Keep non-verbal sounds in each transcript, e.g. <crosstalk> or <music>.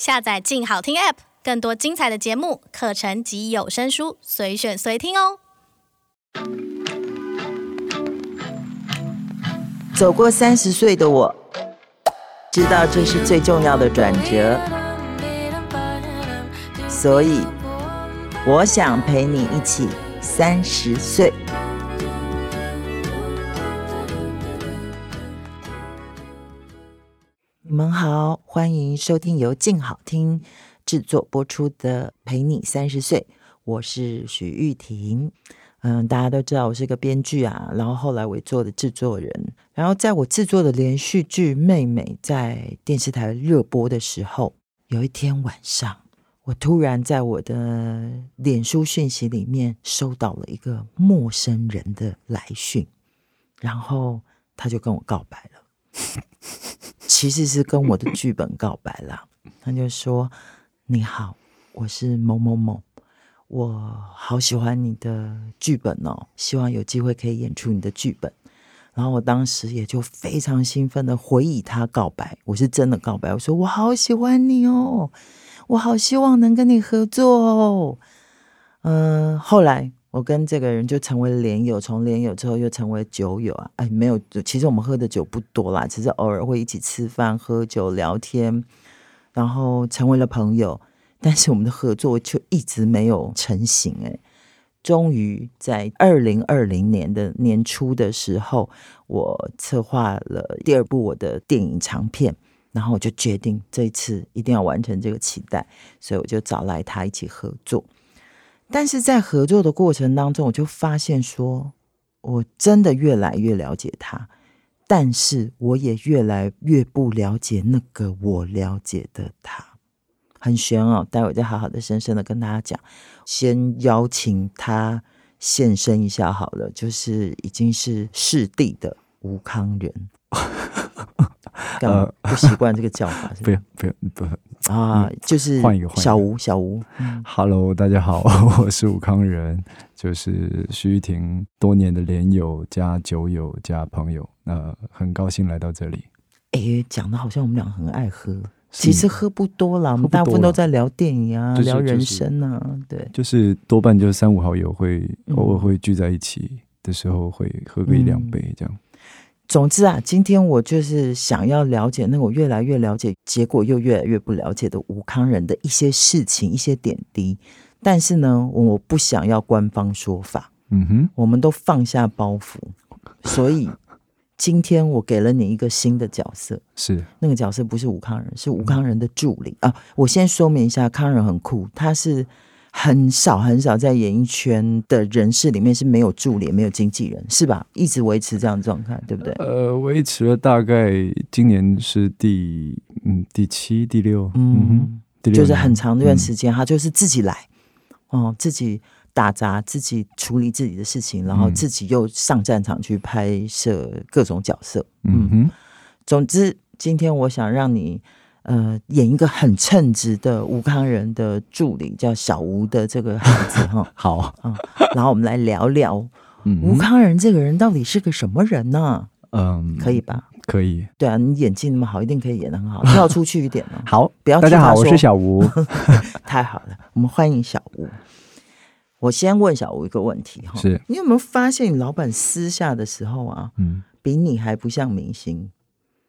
下載“鏡好聽 ”App，更多精彩的節目、課程及有聲書，隨選隨聽哦。走過三十歲的我，知道這是最重要的轉折，所以我想陪你一起三十歲。你們好，歡迎收聽由鏡好聽製作播出的《陪你三十歲》，我是徐譽庭。嗯，大家都知道我是一個編劇啊，然後後來我也做了製作人。然後在我製作的連續劇《妹妹》在電視台熱播的時候，有一天晚上，我突然在我的臉書訊息裡面收到了一個陌生人的來訊，然後他就跟我告白了。 <laughs> 其實是跟我的劇本告白啦，他就說：“你好，我是某某某，我好喜歡你的劇本哦，希望有機會可以演出你的劇本。”然後我當時也就非常興奮的回憶他告白，我是真的告白，我說：“我好喜歡你哦，我好希望能跟你合作哦。”呃，嗯，後來。我跟這個人就成為了連友，從連友之後又成為酒友啊！哎，沒有，其實我們喝的酒不多啦，只是偶爾會一起吃飯、喝酒、聊天，然後成為了朋友。但是我們的合作就一直沒有成型。哎，終於在二零二零年的年初的時候，我策劃了第二部我的電影長片，然後我就決定這一次一定要完成這個期待，所以我就找來他一起合作。但是在合作的過程當中，我就發現說，我真的越來越了解他，但是我也越來越不了解那個我了解的他，很玄哦、喔。待會再好好的、深深的跟大家講，先邀請他現身一下好了，就是已經是師弟的吳慷仁。 <laughs> 呃，不習慣這個叫法，不用不用不啊，就是換一個，小吳小吳，Hello，大家好，我是吳慷仁，就是徐玉婷多年的連友加酒友加朋友，那很高興來到這裡。哎，講的好像我們倆很愛喝，其實喝不多了，我們大部分都在聊電影啊，聊人生啊，對，就是多半就是三五好友會偶爾會聚在一起的時候，會喝個一兩杯這樣。總之啊，今天我就是想要了解那個我越來越了解，結果又越來越不了解的吳慷仁的一些事情、一些點滴。但是呢，我不想要官方說法。嗯哼，我們都放下包袱，所以今天我給了你一個新的角色，是那個角色不是吳慷仁，是吳慷仁的助理。啊，我先說明一下，慷仁很酷，他是。很少很少在演藝圈的人士裡面是沒有助理、沒有經紀人，是吧？一直維持這樣狀態，對不對？呃，維持了大概今年是第嗯第七、第六，嗯哼，就是很長一段時間，他就是自己來，哦、嗯嗯，自己打雜、自己處理自己的事情，然後自己又上戰場去拍攝各種角色，嗯，嗯哼。總之，今天我想讓你。呃，演一個很稱職的吳慷仁的助理，叫小吳的這個孩子哈，好啊。然後我們來聊聊吳慷仁這個人到底是個什麼人呢？嗯，可以吧？可以。對啊，你演技那麼好，一定可以演得很好，跳出去一點哦。好，不要大家好，我是小吳。太好了，我們歡迎小吳。我先問小吳一個問題哈，是你有沒有發現你老板私下的時候啊，嗯，比你還不像明星？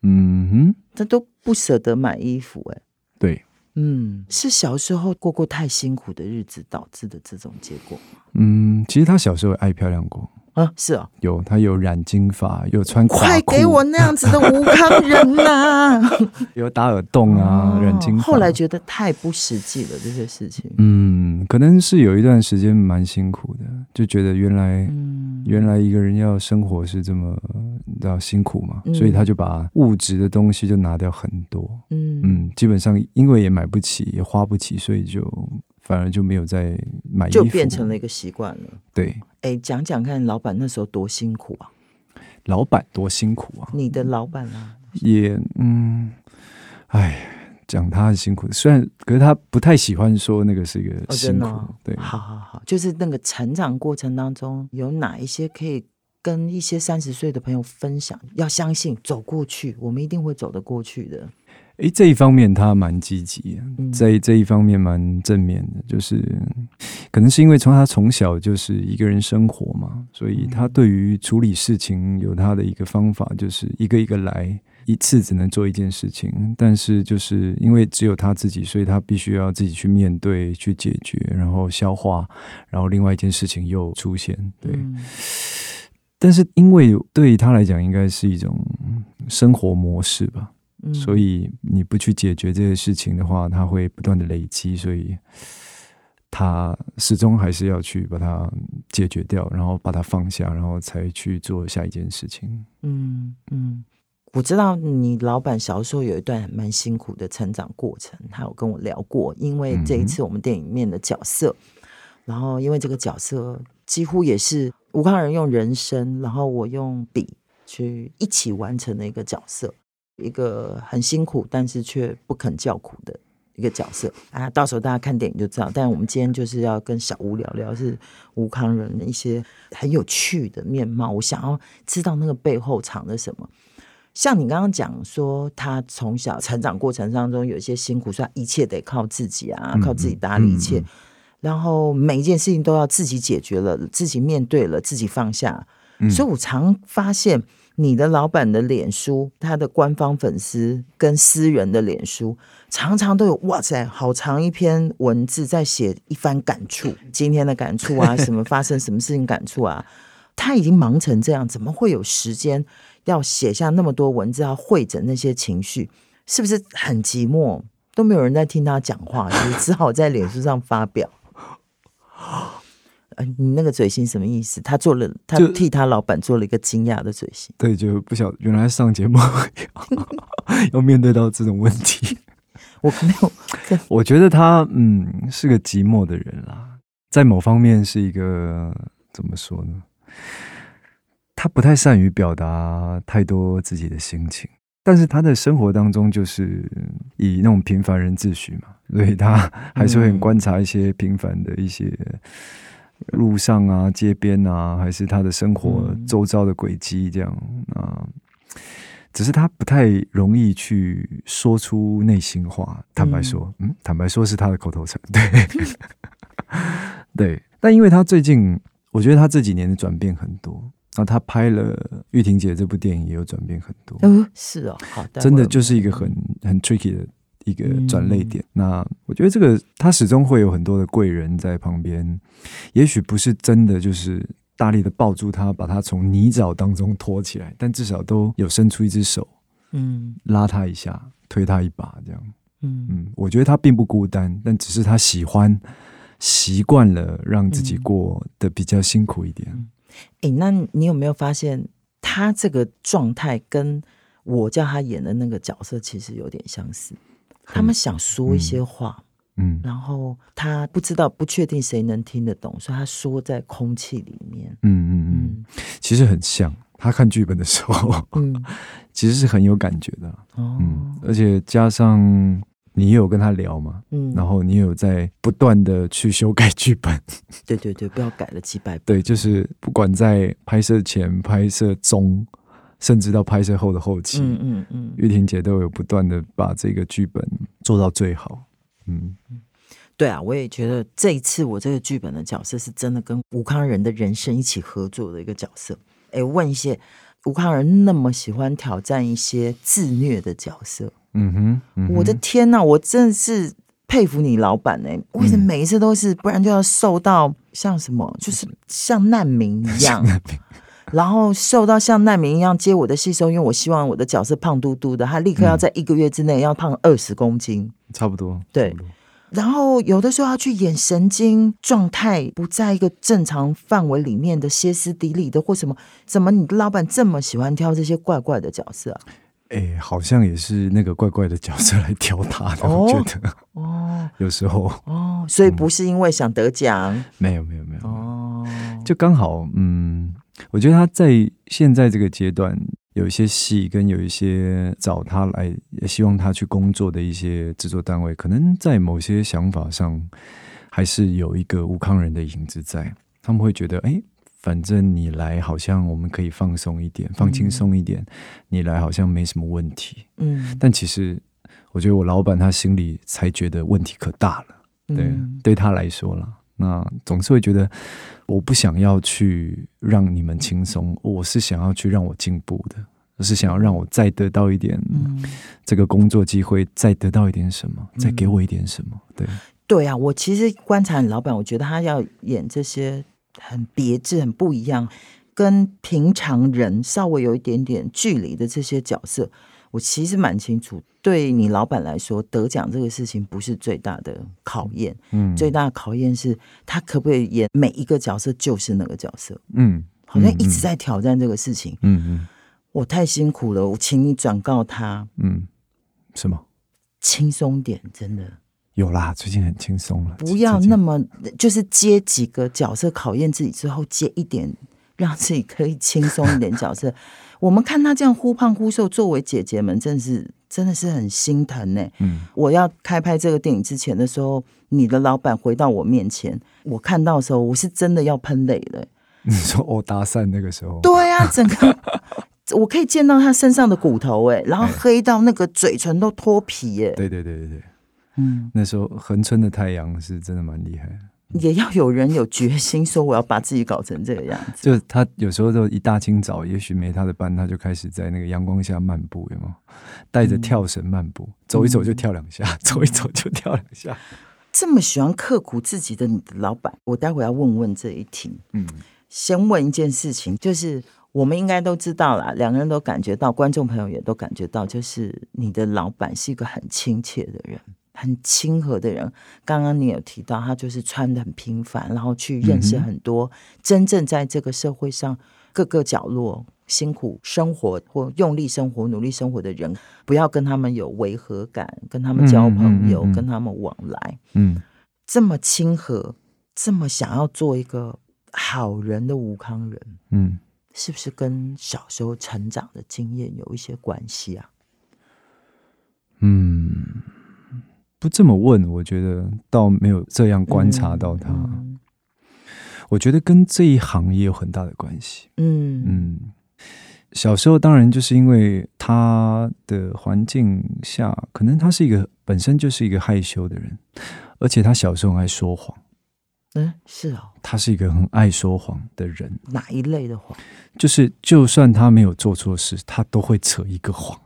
嗯哼，這都。不捨得買衣服，欸，哎，對，嗯，是小時候過過太辛苦的日子導致的這種結果嗎？嗯，其實他小時候愛漂亮過。啊、嗯，是哦，有他有染金髮，有穿垮褲，快給我那樣子的吳慷仁吶、啊！ <laughs> 有打耳洞啊，哦、染金髮。後來覺得太不實際了，這些事情。嗯，可能是有一段時間蠻辛苦的，就覺得原來、嗯、原來一個人要生活是這麼要辛苦嘛，嗯、所以他就把物質的東西就拿掉很多。嗯嗯，基本上因為也買不起，也花不起，所以就。反而就沒有再滿意，就變成了一個習慣了。對，哎、欸，講講看，老闆那時候多辛苦啊！老闆多辛苦啊！你的老闆啊，也嗯，哎，講、嗯、他很辛苦，雖然可是他不太喜歡說那個是一個辛苦。Okay, no, 對，好好好，就是那個成長過程當中有哪一些可以跟一些三十歲的朋友分享？要相信走過去，我們一定會走得過去的。哎、欸，這一方面他蠻積極，嗯、在這一方面蠻正面的，就是可能是因為從他從小就是一個人生活嘛，所以他對於處理事情有他的一個方法，就是一個一個來，一次只能做一件事情。但是就是因為只有他自己，所以他必須要自己去面對、去解決，然後消化，然後另外一件事情又出現。對，嗯、但是因為對於他來講，應該是一種生活模式吧。所以你不去解決這些事情的話，它會不斷的累積，所以它始終還是要去把它解決掉，然後把它放下，然後才去做下一件事情。嗯嗯，我知道你老闆小時候有一段很蠻辛苦的成長過程，他有跟我聊過。因為這一次我們電影裡面的角色，嗯、然後因為這個角色幾乎也是吳慷仁用人生，然後我用筆去一起完成的一個角色。一個很辛苦，但是卻不肯叫苦的一個角色啊！到時候大家看電影就知道。但我們今天就是要跟小吳聊聊，是吳慷仁的一些很有趣的面貌。我想要知道那個背後藏着什麼。像你剛剛講說，他從小成長過程當中有一些辛苦，所以一切得靠自己啊，靠自己打理一切。嗯嗯、然後每一件事情都要自己解決了，自己面對了，自己放下。嗯、所以我常發現。你的老闆的臉書，他的官方粉絲跟私人的臉書，常常都有哇塞，好長一篇文字在寫一番感觸，今天的感觸啊，什麼發生什麼事情感觸啊？ <laughs> 他已經忙成這樣，怎麼會有時間要寫下那麼多文字，要彙整那些情緒？是不是很寂寞？都沒有人在聽他講話，只好在臉書上發表。 <laughs> 呃、哎，你那個嘴型什麼意思？他做了，他替他老板做了一個驚訝的嘴型。對，就不曉得原來上節目 <laughs> 要面對到這種問題， <laughs> 我沒有。我覺得他嗯是個寂寞的人啦，在某方面是一個怎麼說呢？他不太善於表達太多自己的心情，但是他的生活當中就是以那種平凡人自詡嘛，所以他還是會很觀察一些平凡的一些。路上啊，街邊啊，還是他的生活周遭的軌跡，這樣啊、嗯呃，只是他不太容易去說出內心話。嗯、坦白說，嗯，坦白說是他的口頭禪，對， <laughs> <laughs> 對。但因為他最近，我覺得他這幾年的轉變很多，然、啊、後他拍了玉婷姐這部電影，也有轉變很多。嗯，是哦，好的，真的就是一個很很 tricky 的。一個轉捩點，嗯、那我覺得這個他始終會有很多的貴人在旁邊，也許不是真的就是大力的抱住他，把他從泥沼當中拖起來，但至少都有伸出一隻手，嗯，拉他一下，推他一把，這樣，嗯嗯，我覺得他並不孤單，但只是他喜歡習慣了讓自己過得比較辛苦一點。嗯嗯、誒，那你有沒有發現他這個狀態跟我叫他演的那個角色其實有點相似？他們想說一些話，嗯，嗯，然後他不知道、不確定誰能聽得懂，嗯、所以他說在空氣裡面，嗯嗯嗯，嗯嗯，其實很像他看劇本的時候，嗯，其實是很有感覺的，嗯，嗯嗯，而且加上你有跟他聊嘛，嗯，然後你有在不斷的去修改劇本，對對對，不要改了幾百本。對，就是不管在拍攝前、拍攝中，甚至到拍攝後的後期，嗯嗯嗯，嗯嗯玉婷姐都有不斷的把這個劇本做到最好，嗯，對啊，我也覺得這一次我這個劇本的角色是真的跟吳慷仁的人生一起合作的一個角色。哎，問一些吳慷仁那麼喜歡挑戰一些自虐的角色，嗯哼，嗯哼我的天吶、啊，我真的是佩服你老板呢、欸，為什麼每一次都是不然就要受到像什麼、嗯、就是像難民一樣。 <laughs> 然後瘦到像難民一樣，接我的吸收，因為我希望我的角色胖嘟嘟的，他立刻要在一個月之內要胖二十公斤，嗯，差不多對。多然後有的時候要去演神經狀態不在一個正常範圍裡面的歇斯底里的，或什麼什麼，你老板這麼喜歡挑這些怪怪的角色，啊？哎，欸，好像也是那個怪怪的角色來挑他的， <laughs> 我覺得哦，有時候哦，哦，所以不是因為想得獎，嗯，沒有沒有沒有哦，就剛好嗯。我覺得他在現在這個階段，有一些戲跟有一些找他來，也希望他去工作的一些制作單位，可能在某些想法上，還是有一個吳慷仁的影子在。他們會覺得，哎，反正你來，好像我們可以放鬆一點，嗯、放輕鬆一點，你來好像沒什麼問題。嗯，但其實，我覺得我老板他心裡才覺得問題可大了。對，嗯、對，對他來說了。那總是會覺得，我不想要去讓你們輕鬆，我是想要去讓我進步的，我是想要讓我再得到一點這個工作機會，再得到一點什麼，再給我一點什麼。對，嗯、對啊，我其實觀察你老板，我覺得他要演這些很別緻、很不一樣，跟平常人稍微有一點點距離的這些角色。我其實蠻清楚，對你老板來說，得獎這個事情不是最大的考驗，嗯，最大的考驗是他可不可以演每一個角色就是那個角色，嗯，好像一直在挑戰這個事情，嗯嗯，嗯，我太辛苦了，我請你轉告他，嗯，是嗎？輕鬆點，真的有啦，最近很輕鬆了，不要那麼最近就是接幾個角色考驗自己之後接一點。讓自己可以輕鬆一點，角色。 <laughs> 我們看他這樣忽胖忽瘦，作為姐姐們，真的是真的是很心疼呢。嗯，我要開拍這個電影之前的時候，你的老板回到我面前，我看到的時候，我是真的要噴淚了。你說哦，搭訕那個時候，對呀、啊，整個 <laughs> 我可以見到他身上的骨頭哎，然後黑到那個嘴脣都脫皮哎、欸。對對對對對，嗯，那時候恆春的太陽是真的蠻厲害。也要有人有決心說，我要把自己搞成這個樣子。 <laughs> 就他有時候就一大清早，也許沒他的班，他就開始在那個陽光下漫步，有沒有帶着跳繩漫步，走一走就跳兩下，嗯、走一走就跳兩下。這麼喜歡刻苦自己的你的老板，我待會要問問這一題。嗯，先問一件事情，就是我們應該都知道啦，兩個人都感覺到，觀眾朋友也都感覺到，就是你的老板是一個很親切的人。嗯很親和的人，剛剛你有提到，他就是穿得很平凡，然後去認識很多嗯嗯，真正在這個社會上各個角落辛苦生活或用力生活、努力生活的人，不要跟他們有違和感，跟他們交朋友，嗯嗯嗯嗯跟他們往來。嗯，這麼親和，這麼想要做一個好人的吳慷仁，嗯，是不是跟小時候成長的經驗有一些關係啊？不這麼問，我覺得倒沒有這樣觀察到他。嗯嗯，我覺得跟這一行也有很大的關係。嗯嗯，小時候當然就是因為他的環境下，可能他是一個本身就是一個害羞的人，而且他小時候很愛說謊。嗯，是哦。他是一個很愛說謊的人。哪一類的謊？就是就算他沒有做錯事，他都會扯一個謊。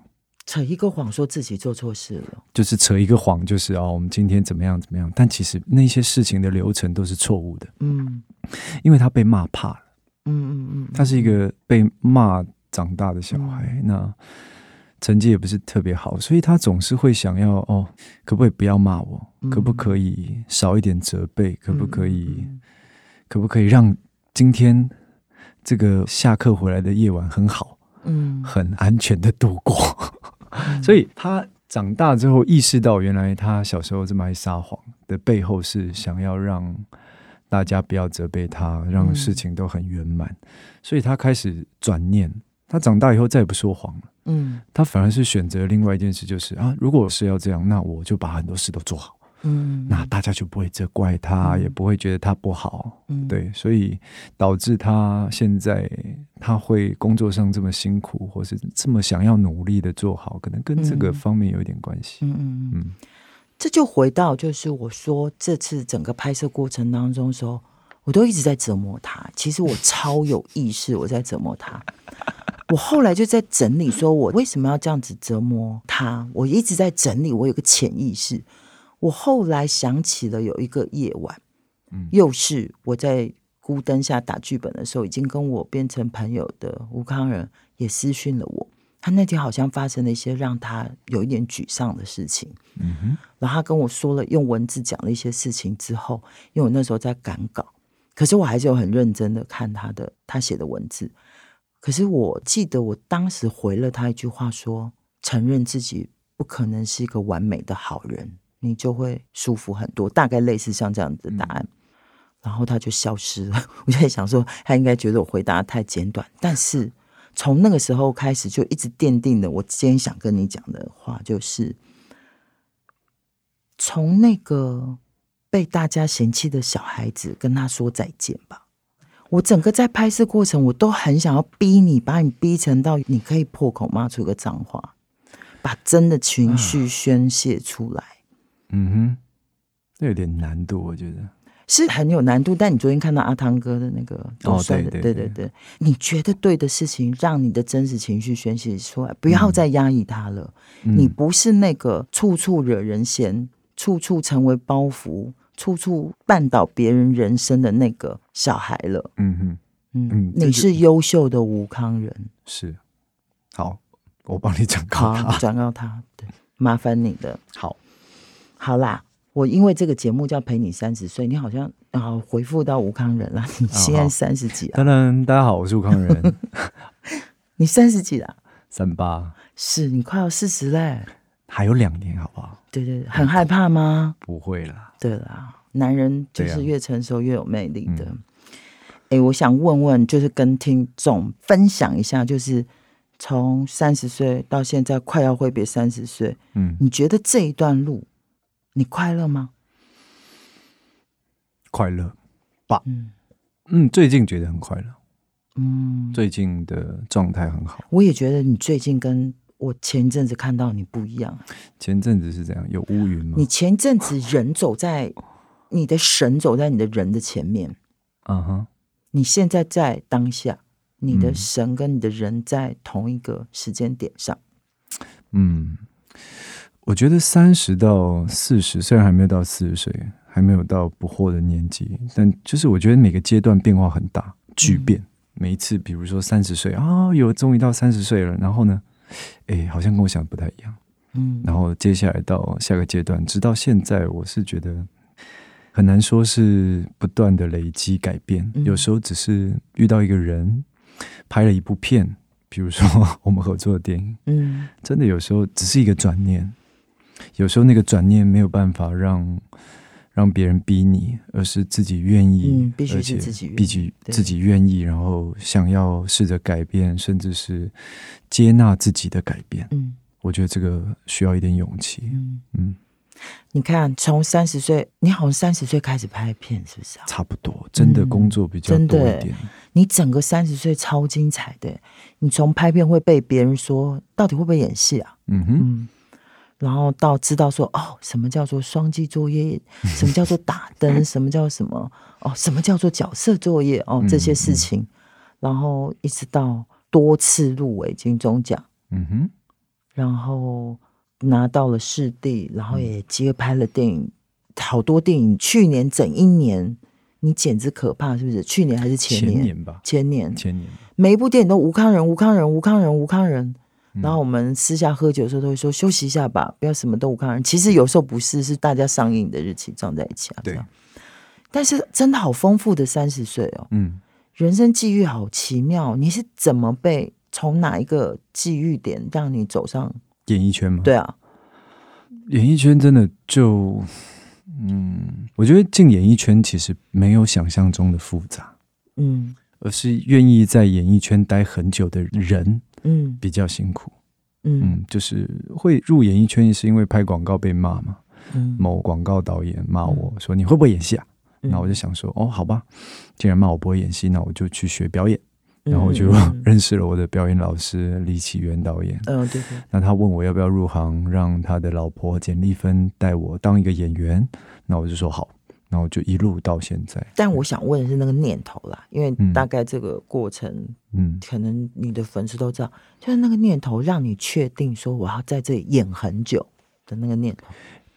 扯一個謊，說自己做錯事了，就是扯一個謊，就是哦，我們今天怎麼樣怎麼樣？但其實那些事情的流程都是錯誤的，嗯，因為他被罵怕了、嗯，嗯嗯嗯，他是一個被罵長大的小孩，嗯、那成績也不是特別好，所以他總是會想要哦，可不可以不要罵我？嗯、可不可以少一點責備？可不可以？嗯嗯、可不可以讓今天這個下課回來的夜晚很好？嗯，很安全的度過。 <noise> 所以他長大之後意識到，原來他小時候這麼愛撒謊的背後是想要讓大家不要責備他，讓事情都很圓滿。嗯，所以他開始轉念，他長大以後再也不說謊了。嗯，他反而是選擇另外一件事，就是啊，如果是要這樣，那我就把很多事都做好。嗯，那大家就不會責怪他，嗯、也不會覺得他不好，嗯、對，所以導致他現在他會工作上這麼辛苦，或是這麼想要努力的做好，可能跟這個方面有一點關係。嗯嗯嗯，嗯嗯，這就回到就是我說這次整個拍攝過程當中時候，我都一直在折磨他。其實我超有意識我在折磨他， <laughs> 我後來就在整理，說我為什麼要這樣子折磨他。我一直在整理，我有個潛意識。我後來想起了有一個夜晚，又是我在孤燈下打劇本的時候，已經跟我變成朋友的吳慷仁也私訊了我。他那天好像發生了一些讓他有一點沮喪的事情，嗯哼。然後他跟我說了，用文字講了一些事情之後，因為我那時候在趕稿，可是我還是有很認真的看他的他寫的文字。可是我記得我當時回了他一句話說，說承認自己不可能是一個完美的好人，你就會舒服很多，大概類似像這樣的答案，嗯、然後他就消失了。我就在想說，他應該覺得我回答得太簡短。但是從那個時候開始，就一直奠定了我今天想跟你講的話，就是從那個被大家嫌棄的小孩子跟他說再見吧。我整個在拍攝過程，我都很想要逼你，把你逼成到你可以破口罵出個髒話，把真的情緒宣洩出來。嗯嗯哼，那有點難度，我覺得是很有難度。但你昨天看到阿湯哥的那個的，哦對對對對對，對對對你覺得對的事情，讓你的真實情緒宣洩出來，不要再壓抑他了。嗯、你不是那個處處惹人嫌、處處成為包袱、處處絆倒別人人生的那個小孩了。嗯哼，嗯嗯，嗯，你是優秀的吳慷仁。嗯、是，好，我幫你轉告他，轉告他， <laughs> 對，麻煩你的，好。好啦，我因為這個節目叫《陪你三十歲》，你好像後、哦、回復到吳慷仁了。你現在三十幾、啊？當然、哦，大家好，我是吳慷仁。 <laughs> 你三十幾了、啊？三八，是你快要四十嘞，還有兩年，好不好？對對，對很害怕嗎？不會啦，對啦，男人就是越成熟越有魅力的。哎、啊嗯欸，我想問問，就是跟聽眾分享一下，就是從三十歲到現在快要揮別三十歲，嗯，你覺得這一段路？你快樂嗎？快樂，吧、嗯，嗯，最近覺得很快樂。嗯，最近的狀態很好。我也覺得你最近跟我前一陣子看到你不一樣。前陣子是這樣？有烏雲嗎？你前陣子人走在你的神，走在你的人的前面。嗯哼。你現在在當下，你的神跟你的人在同一個時間點上。嗯。嗯我覺得三十到四十，雖然還沒有到四十歲，還沒有到不惑的年紀，但就是我覺得每個階段變化很大，巨變。嗯、每一次，比如說三十歲啊、哦，有終於到三十歲了，然後呢，哎，好像跟我想的不太一樣，嗯。然後接下來到下個階段，直到現在，我是覺得很難說是不斷的累積改變，嗯、有時候只是遇到一個人，拍了一部片，比如說我們合作的電影，嗯，真的有時候只是一個轉念。有時候那個轉念沒有辦法讓讓別人逼你，而是自己願意，嗯、必須是自己願、必須自己願意，對然後想要試着改變，甚至是接納自己的改變。嗯、我覺得這個需要一點勇氣。嗯、你看，從三十歲，你好像三十歲開始拍片，是不是、啊？差不多，真的工作比較多一點。嗯、你整個三十歲超精彩的，你從拍片會被別人說到底會不會演戲啊？嗯哼。嗯然後到知道說哦，什麼叫做雙機作業？什麼叫做打燈？ <laughs> 什麼叫什麼？哦，什麼叫做角色作業？哦，這些事情，嗯嗯、然後一直到多次入圍金鐘獎，嗯哼，然後拿到了視帝，然後也接拍了電影，嗯、好多電影。去年整一年，你簡直可怕，是不是？去年還是前年？前年吧，前年，前年，每一部電影都吳慷仁，吳慷仁，吳慷仁，吳慷仁。然後我們私下喝酒的時候都會說，休息一下吧，不要什麼都不看。其實有時候不是，是大家上映的日期撞在一起啊。對。但是真的好豐富的三十歲哦，嗯，人生際遇好奇妙。你是怎麼被從哪一個際遇點讓你走上演藝圈嗎？對啊，演藝圈真的就，嗯，我覺得進演藝圈其實沒有想象中的複雜，嗯，而是願意在演藝圈待很久的人。嗯嗯，比較辛苦，嗯，嗯，就是會入演藝圈是因為拍廣告被罵嘛，嗯、某廣告導演罵我說，你會不會演戲啊？嗯、那我就想說哦，好吧，既然罵我不會演戲，那我就去學表演，然後我就、嗯、 <laughs> 認識了我的表演老師李啟源導演，嗯對對，嗯、那他問我要不要入行，讓他的老婆簡麗芬帶我當一個演員，那我就說好。然後就一路到現在。但我想問的是那個念頭啦，對因為大概這個過程，嗯，可能你的粉絲都知道，嗯、就是那個念頭讓你確定說我要在這裡演很久的那個念頭。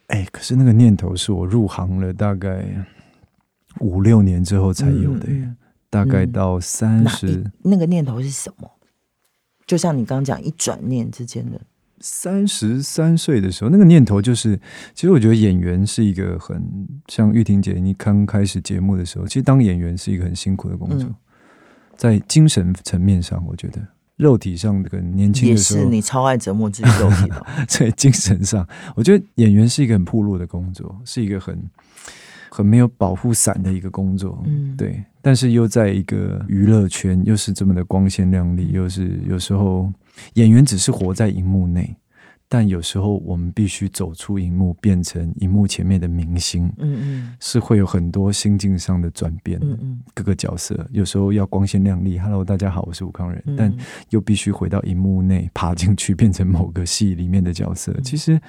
哎、欸，可是那個念頭是我入行了大概五六年之後才有的耶，嗯、大概到三十、嗯，那個念頭是什麼？就像你剛講一轉念之間的。三十三歲的時候，那個念頭就是，其實我覺得演員是一個很像玉婷姐，你剛開始節目的時候，其實當演員是一個很辛苦的工作，嗯、在精神層面上，我覺得肉體上的年輕的時候，也是你超愛折磨自己肉體的。在 <laughs> 精神上，我覺得演員是一個很曝露的工作，是一個很很沒有保護傘的一個工作。嗯，對。但是又在一個娛樂圈，又是這麼的光鮮亮麗，又是有時候。演員只是活在熒幕內，但有時候我們必須走出熒幕，變成熒幕前面的明星。嗯嗯，是會有很多心境上的轉變。嗯嗯，各個角色有時候要光鮮亮麗，“Hello，大家好，我是吳慷仁。”嗯嗯，但又必須回到熒幕內爬進去，變成某個戲裡面的角色。嗯嗯，其實，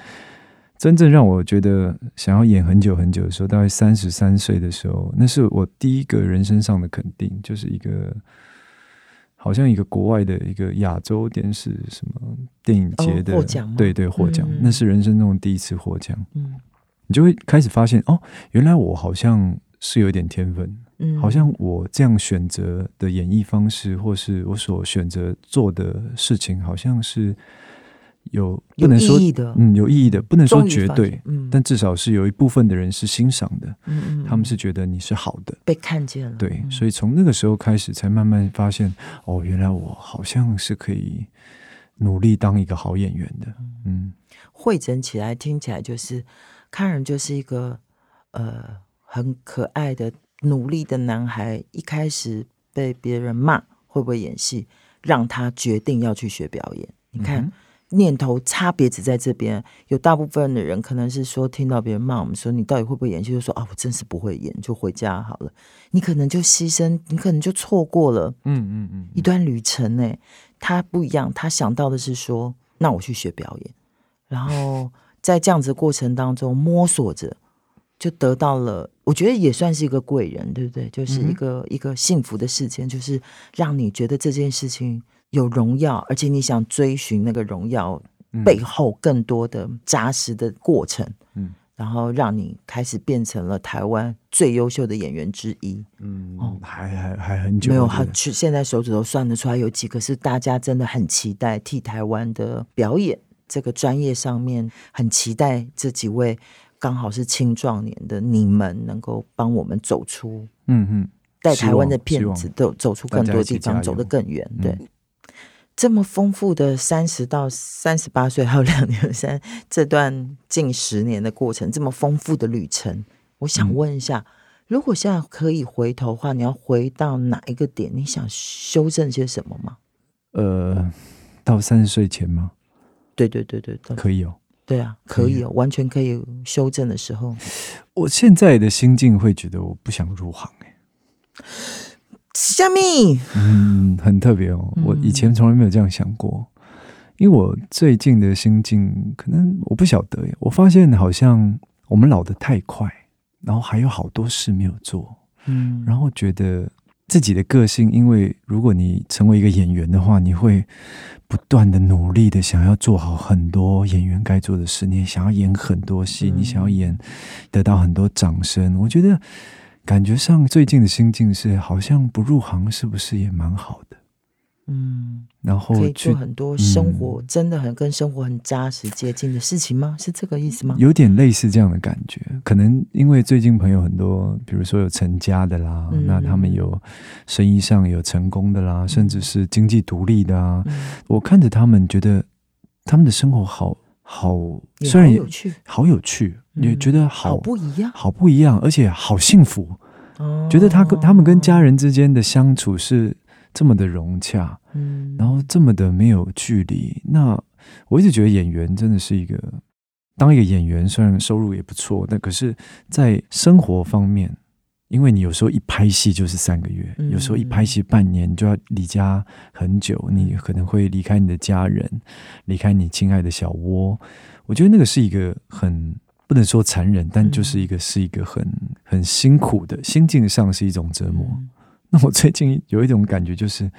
真正讓我覺得想要演很久很久的時候，大概三十三歲的時候，那是我第一個人生上的肯定，就是一個。好像一個國外的一個亞洲電視什麼電影節的、哦、對對獲獎，嗯、那是人生中第一次獲獎。嗯、你就會開始發現哦，原來我好像是有一點天分，嗯、好像我這樣選擇的演繹方式，或是我所選擇做的事情，好像是。有不能說有意義的，嗯，有意義的，不能說絕對，嗯、但至少是有一部分的人是欣賞的，嗯嗯、他們是覺得你是好的，被看見了，對，嗯、所以從那個時候開始，才慢慢發現，哦，原來我好像是可以努力當一個好演員的，嗯，彙整起來聽起來就是，慷仁，就是一個呃很可愛的努力的男孩，一開始被別人罵，會不會演戲，讓他決定要去學表演，嗯、你看。念頭差別只在這邊，有大部分的人可能是說，聽到別人罵我們說，你到底會不會演，就說啊，我真是不會演，就回家好了。你可能就犧牲，你可能就錯過了，欸，嗯嗯嗯，一段旅程誒。他不一樣，他想到的是說，那我去學表演，然後在這樣子過程當中摸索着，就得到了，我覺得也算是一個貴人，對不對？就是一個嗯嗯一個幸福的事情，就是讓你覺得這件事情。有榮耀，而且你想追尋那個榮耀背後更多的扎實的過程，嗯，然後讓你開始變成了台灣最優秀的演員之一，嗯，還還還很久沒有，現在手指頭算得出來有幾個，是大家真的很期待替台灣的表演這個專業上面很期待這幾位剛好是青壯年的你們能夠幫我們走出，嗯嗯，帶台灣的片子都走出更多地方，走得更遠，嗯，對。這麼豐富的三十到三十八歲，還有兩年三，這段近十年的過程，這麼豐富的旅程，我想問一下，嗯、如果現在可以回頭的話，你要回到哪一個點？你想修正些什麼嗎？呃，到三十歲前嗎？對對對對，可以哦。對啊，可以哦，以完全可以修正的時候。我現在的心境會覺得我不想入行，欸。像你，嗯，很特別哦。我以前從來沒有這樣想過，嗯，因為我最近的心境，可能我不曉得耶。我發現好像我們老得太快，然後還有好多事沒有做，嗯，然後覺得自己的個性，因為如果你成為一個演員的話，你會不斷的努力的想要做好很多演員該做的事，你想要演很多戲，你想要演得到很多掌聲，嗯，我覺得。感覺上最近的心境是，好像不入行是不是也蠻好的？嗯，然後可以做很多生活，嗯、真的很跟生活很扎實接近的事情嗎？是這個意思嗎？有點類似這樣的感覺，可能因為最近朋友很多，比如說有成家的啦，嗯、那他們有生意上有成功的啦，嗯、甚至是經濟獨立的啊，嗯、我看着他們覺得他們的生活好。好，雖然有趣，好有趣，也覺得好、嗯、好不一樣，好不一樣，而且好幸福。哦、覺得他跟他們跟家人之間的相處是這麼的融洽，嗯，然後這麼的沒有距離。那我一直覺得演員真的是一個，當一個演員雖然收入也不錯，但可是在生活方面。因為你有時候一拍戲就是三個月，有時候一拍戲半年，就要離家很久，嗯、你可能會離開你的家人，離開你親愛的小窩。我覺得那個是一個很不能說殘忍，但就是一個是一個很很辛苦的心境上是一種折磨。嗯、那我最近有一種感覺，就是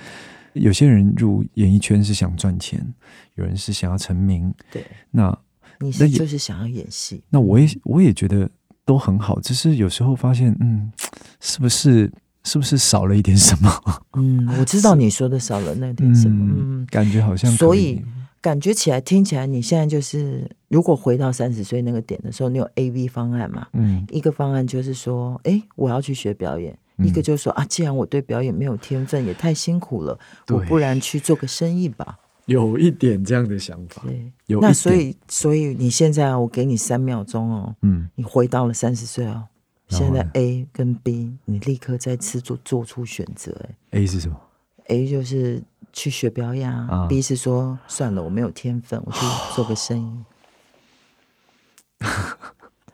有些人入演藝圈是想賺錢，有人是想要成名，對，那你是就是想要演戲，那我也我也覺得。都很好，只是有時候發現，嗯，是不是，是不是少了一點什麼？嗯，我知道你說的少了那點什麼，嗯，嗯，感覺好像，所以感覺起來，聽起來你現在就是，如果回到三十歲那個點的時候，你有 AV 方案嘛？嗯，一個方案就是說，哎，我要去學表演，嗯、一個就是說，啊，既然我對表演沒有天分，也太辛苦了，對我不然去做個生意吧。有一點這樣的想法，那所以所以你現在我給你三秒鐘哦，嗯，你回到了三十歲哦，現在 A 跟 B，你立刻再次做做出選擇。A 是什麼？A 就是去學表演，B 是說算了，我沒有天分，我去做個生意。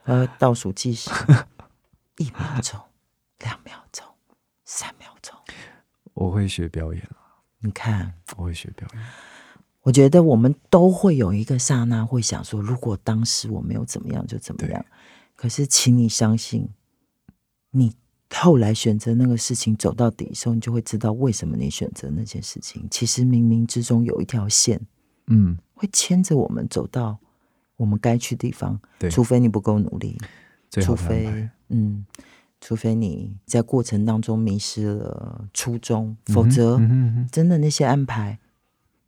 呃，倒數計時，一秒鐘，兩秒鐘，三秒鐘，我會學表演啊，你看，我會學表演。我覺得我們都會有一個剎那會想說，如果當時我沒有怎麼樣就怎麼樣。對可是，請你相信，你後來選擇那個事情走到底的時候，你就會知道為什麼你選擇那件事情。其實冥冥之中有一條線，嗯，會牽着我們走到我們該去的地方。嗯、除非你不夠努力，對除非嗯，除非你在過程當中迷失了初衷，嗯、哼否則、嗯、哼真的那些安排。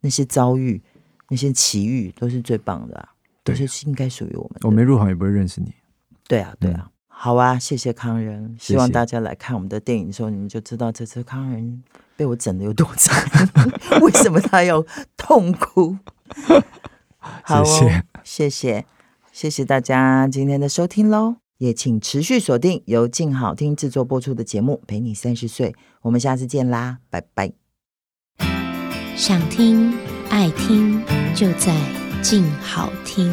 那些遭遇、那些奇遇，都是最棒的、啊，對啊、都是應該屬於我們的。我沒入行也不會認識你。對啊，對啊。嗯、好啊，謝謝慷仁，謝謝希望大家來看我們的電影的時候，你們就知道這次慷仁被我整得有多慘。 <laughs> <laughs> 為什麼他要痛哭？ <laughs> 好、哦，謝謝，謝謝，謝謝大家今天的收聽嘍，也請持續鎖定由靜好聽製作播出的節目《陪你三十歲》，我們下次見啦，拜拜。想聽、愛聽，就在鏡好聽。